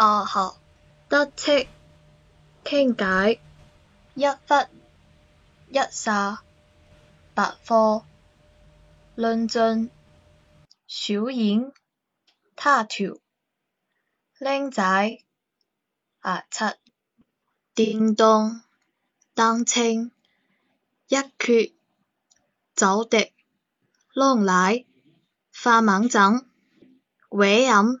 阿學、得戚、傾偈、一忽、一煞、白霍、論盡、小演、他條、僆仔、牙七、電動、單清、一缺、酒滴窿、奶花、猛枕、詏飲。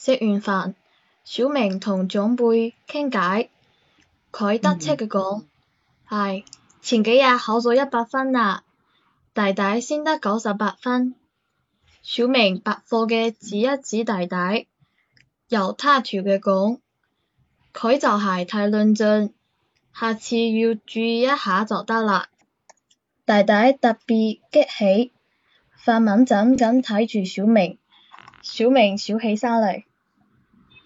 食完飯，小明同長輩傾偈，佢得戚嘅講，唉、嗯，前幾日考咗一百分啦，弟弟先得九十八分，小明白霍嘅指一指弟弟，由他條嘅講，佢就係太論盡，下次要注意一下就得啦，弟弟特別激起，發矇震咁睇住小明，小明笑起身嚟。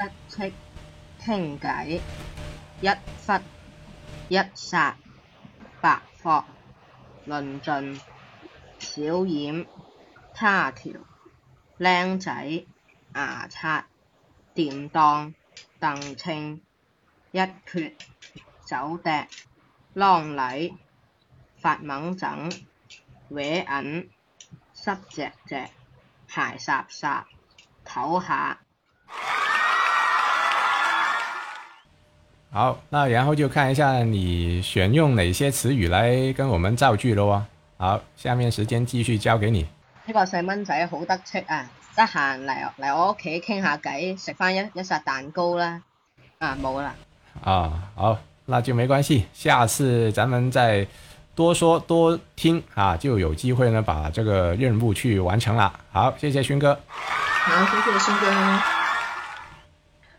一戚傾偈，一忽一殺白霍，論盡小掩他條靚仔牙刷店當凳秤，一缺酒笛，啷禮發猛整，歪銀濕只只排，霎霎唞下。好，那然後就看一下你選用哪些詞語來跟我們造句咯。好，下面時間繼續交給你。呢個細蚊仔好得戚啊，得閒嚟嚟我屋企傾下偈，食翻一一剎蛋糕啦。啊，冇啦。啊，好。那就沒關係，下次咱們再多說多聽啊，就有機會呢把這個任務去完成啦。好，謝謝勳哥。好，謝謝勳哥。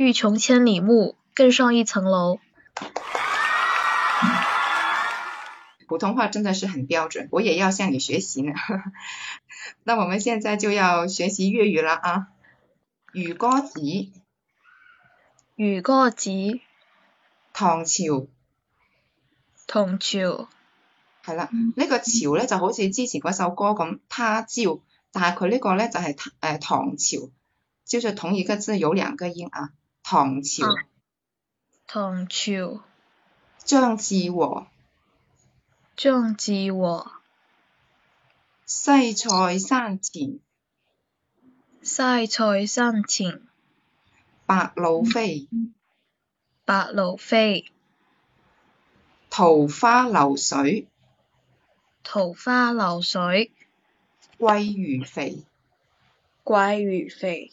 欲窮千里目，更上一層樓。普通話真的是很標準，我也要向你學習呢。 那我們現在就要學習粵語了啊！《漁歌子》《漁歌子》唐朝，唐朝，係啦。呢個“朝”咧就好似之前嗰首歌咁“他朝”，但係佢呢個咧就係誒唐朝。就是同一個字有兩個音啊。唐朝、啊，唐朝，張志和，張志和，西塞山前，西塞山前，白鷺飛，嗯、白鷺飛，桃花流水，桃花流水，鱖魚肥，鱖魚肥。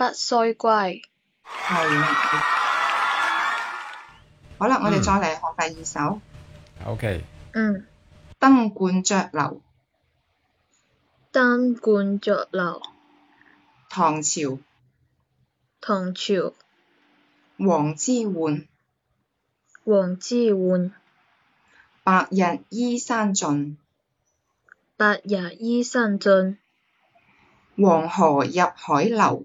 不須歸。係、嗯。好啦，我哋再嚟學第二首。O K。嗯。登鸛雀樓。登鸛雀樓。唐朝。唐朝。王之渙。王之渙。白日依山盡。白日依山盡。黃河入海流。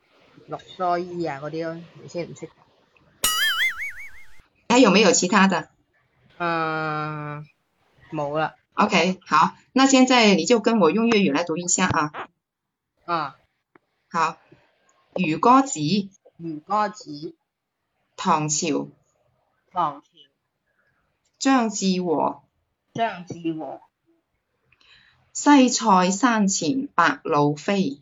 綠蓑衣啊嗰啲咯，你先唔識。還有沒有其他的？嗯，冇啦。OK，好，那現在你就跟我用粵語來讀一下啊。嗯、uh,。好。《漁歌子》《漁歌子》唐朝。唐朝。張志和。張志和。西塞山前白鷺飛。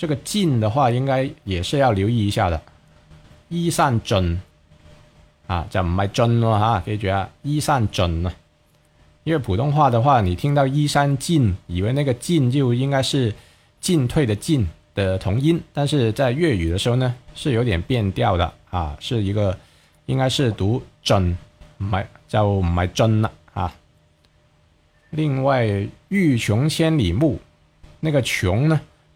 這個盡的話，應該也是要留意一下的。依山盡，啊，叫唔係真咯哈，記住啊，依山盡呢。因為普通話的話，你聽到依山盡，以為那個盡就應該是進退的進的同音，但是在粵語的時候呢，是有點變調的啊，是一個應該是讀準，唔係叫唔係真啦啊。另外，欲窮千里目，那個窮呢？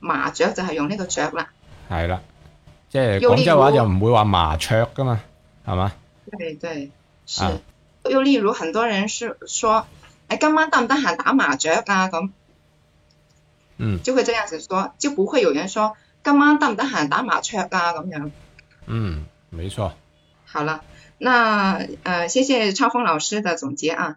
麻雀就係用呢個雀啦，係啦，即係廣州話就唔會話麻雀噶嘛，係嘛？對，對對，是、啊。又例如很多人是說，誒、哎，今晚得唔得閒打麻雀啊咁？嗯，就會這樣子說，就不會有人說，今晚得唔得閒打麻雀啊咁樣？嗯，沒錯。好了，那誒、呃，謝謝超鋒老師的總結啊。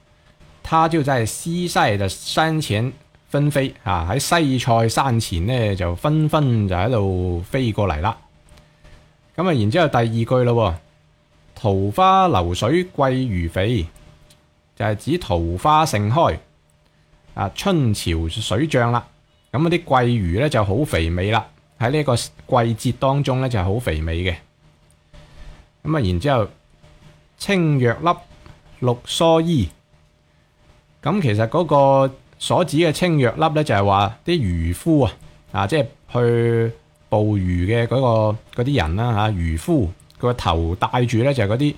它就在西塞，就山前分飛啊！喺西塞山前咧，就紛紛就喺度飛過嚟啦。咁啊，然之後第二句咯，桃花流水鱖魚肥，就係指桃花盛開啊，春潮水漲啦。咁啊啲鱖魚咧就好肥美啦。喺呢個季節當中咧就係好肥美嘅。咁啊，然之後青箬笠，綠蓑衣。咁其實嗰個所指嘅青箬笠咧，就係話啲漁夫啊，啊，即係去捕魚嘅嗰個嗰啲人啦嚇，漁夫個頭戴住咧就係嗰啲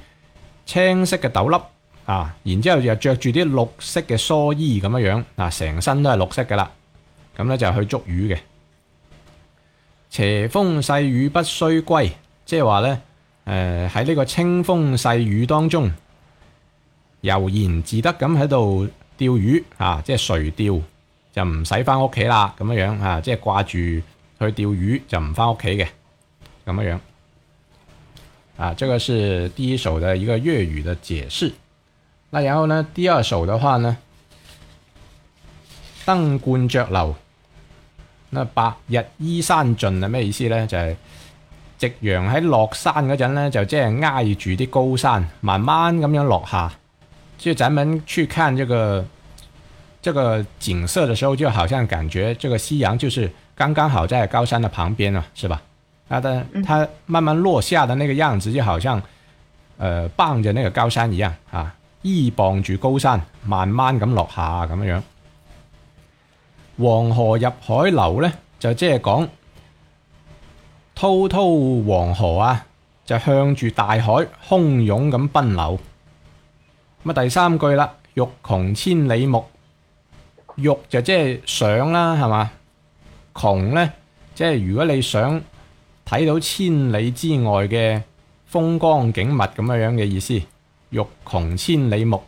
青色嘅斗笠啊，然之後就着住啲綠色嘅蓑衣咁樣樣，成身都係綠色㗎啦，咁咧就去捉魚嘅。斜風細雨不須歸，即係話咧，誒喺呢個清風細雨當中悠然自得咁喺度。釣魚啊，即係垂釣就唔使翻屋企啦，咁樣樣啊，即係掛住去釣魚就唔翻屋企嘅，咁樣樣啊。這個是第一首嘅一個粵語嘅解釋。那然後呢，第二首嘅話呢，登鸛雀樓，那白日依山盡係咩意思咧？就係、是、夕陽喺落山嗰陣咧，就即係挨住啲高山，慢慢咁樣落下。即係仔們去看呢、這個。這個景色的時候，就好像感覺這個夕陽就是剛剛好在高山的旁邊了，是吧？它的它慢慢落下的那個樣子，就好像呃，傍着那個高山一樣啊，依傍住高山慢慢咁落下，咁樣樣。黃河入海流咧，就即係講滔滔黃河啊，就向住大海洶湧咁奔流。咁啊，第三句啦，欲窮千里目。欲就即係想啦，係嘛？窮咧，即係如果你想睇到千里之外嘅風光景物咁樣樣嘅意思。欲窮千里目，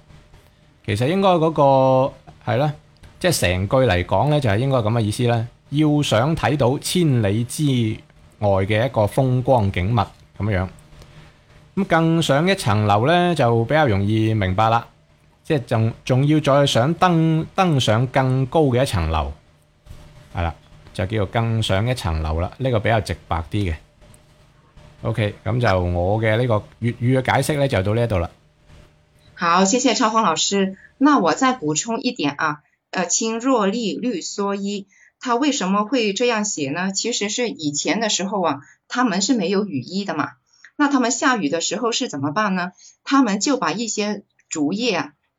其實應該嗰個係啦，即係成句嚟講咧，就係應該咁嘅意思啦。要想睇到千里之外嘅一個風光景物咁樣樣，咁更上一層樓咧，就比較容易明白啦。即係仲仲要再想登登上更高嘅一層樓，係啦，就叫做更上一層樓啦。呢個比較直白啲嘅。OK，咁就我嘅呢個粵語嘅解釋呢，就到呢一度啦。好，謝謝超鋒老師。那我再補充一點啊，呃，青箬笠綠蓑衣，他為什麼會這樣寫呢？其實是以前的時候啊，他們是沒有雨衣的嘛。那他們下雨的時候是怎麼辦呢？他們就把一些竹葉啊。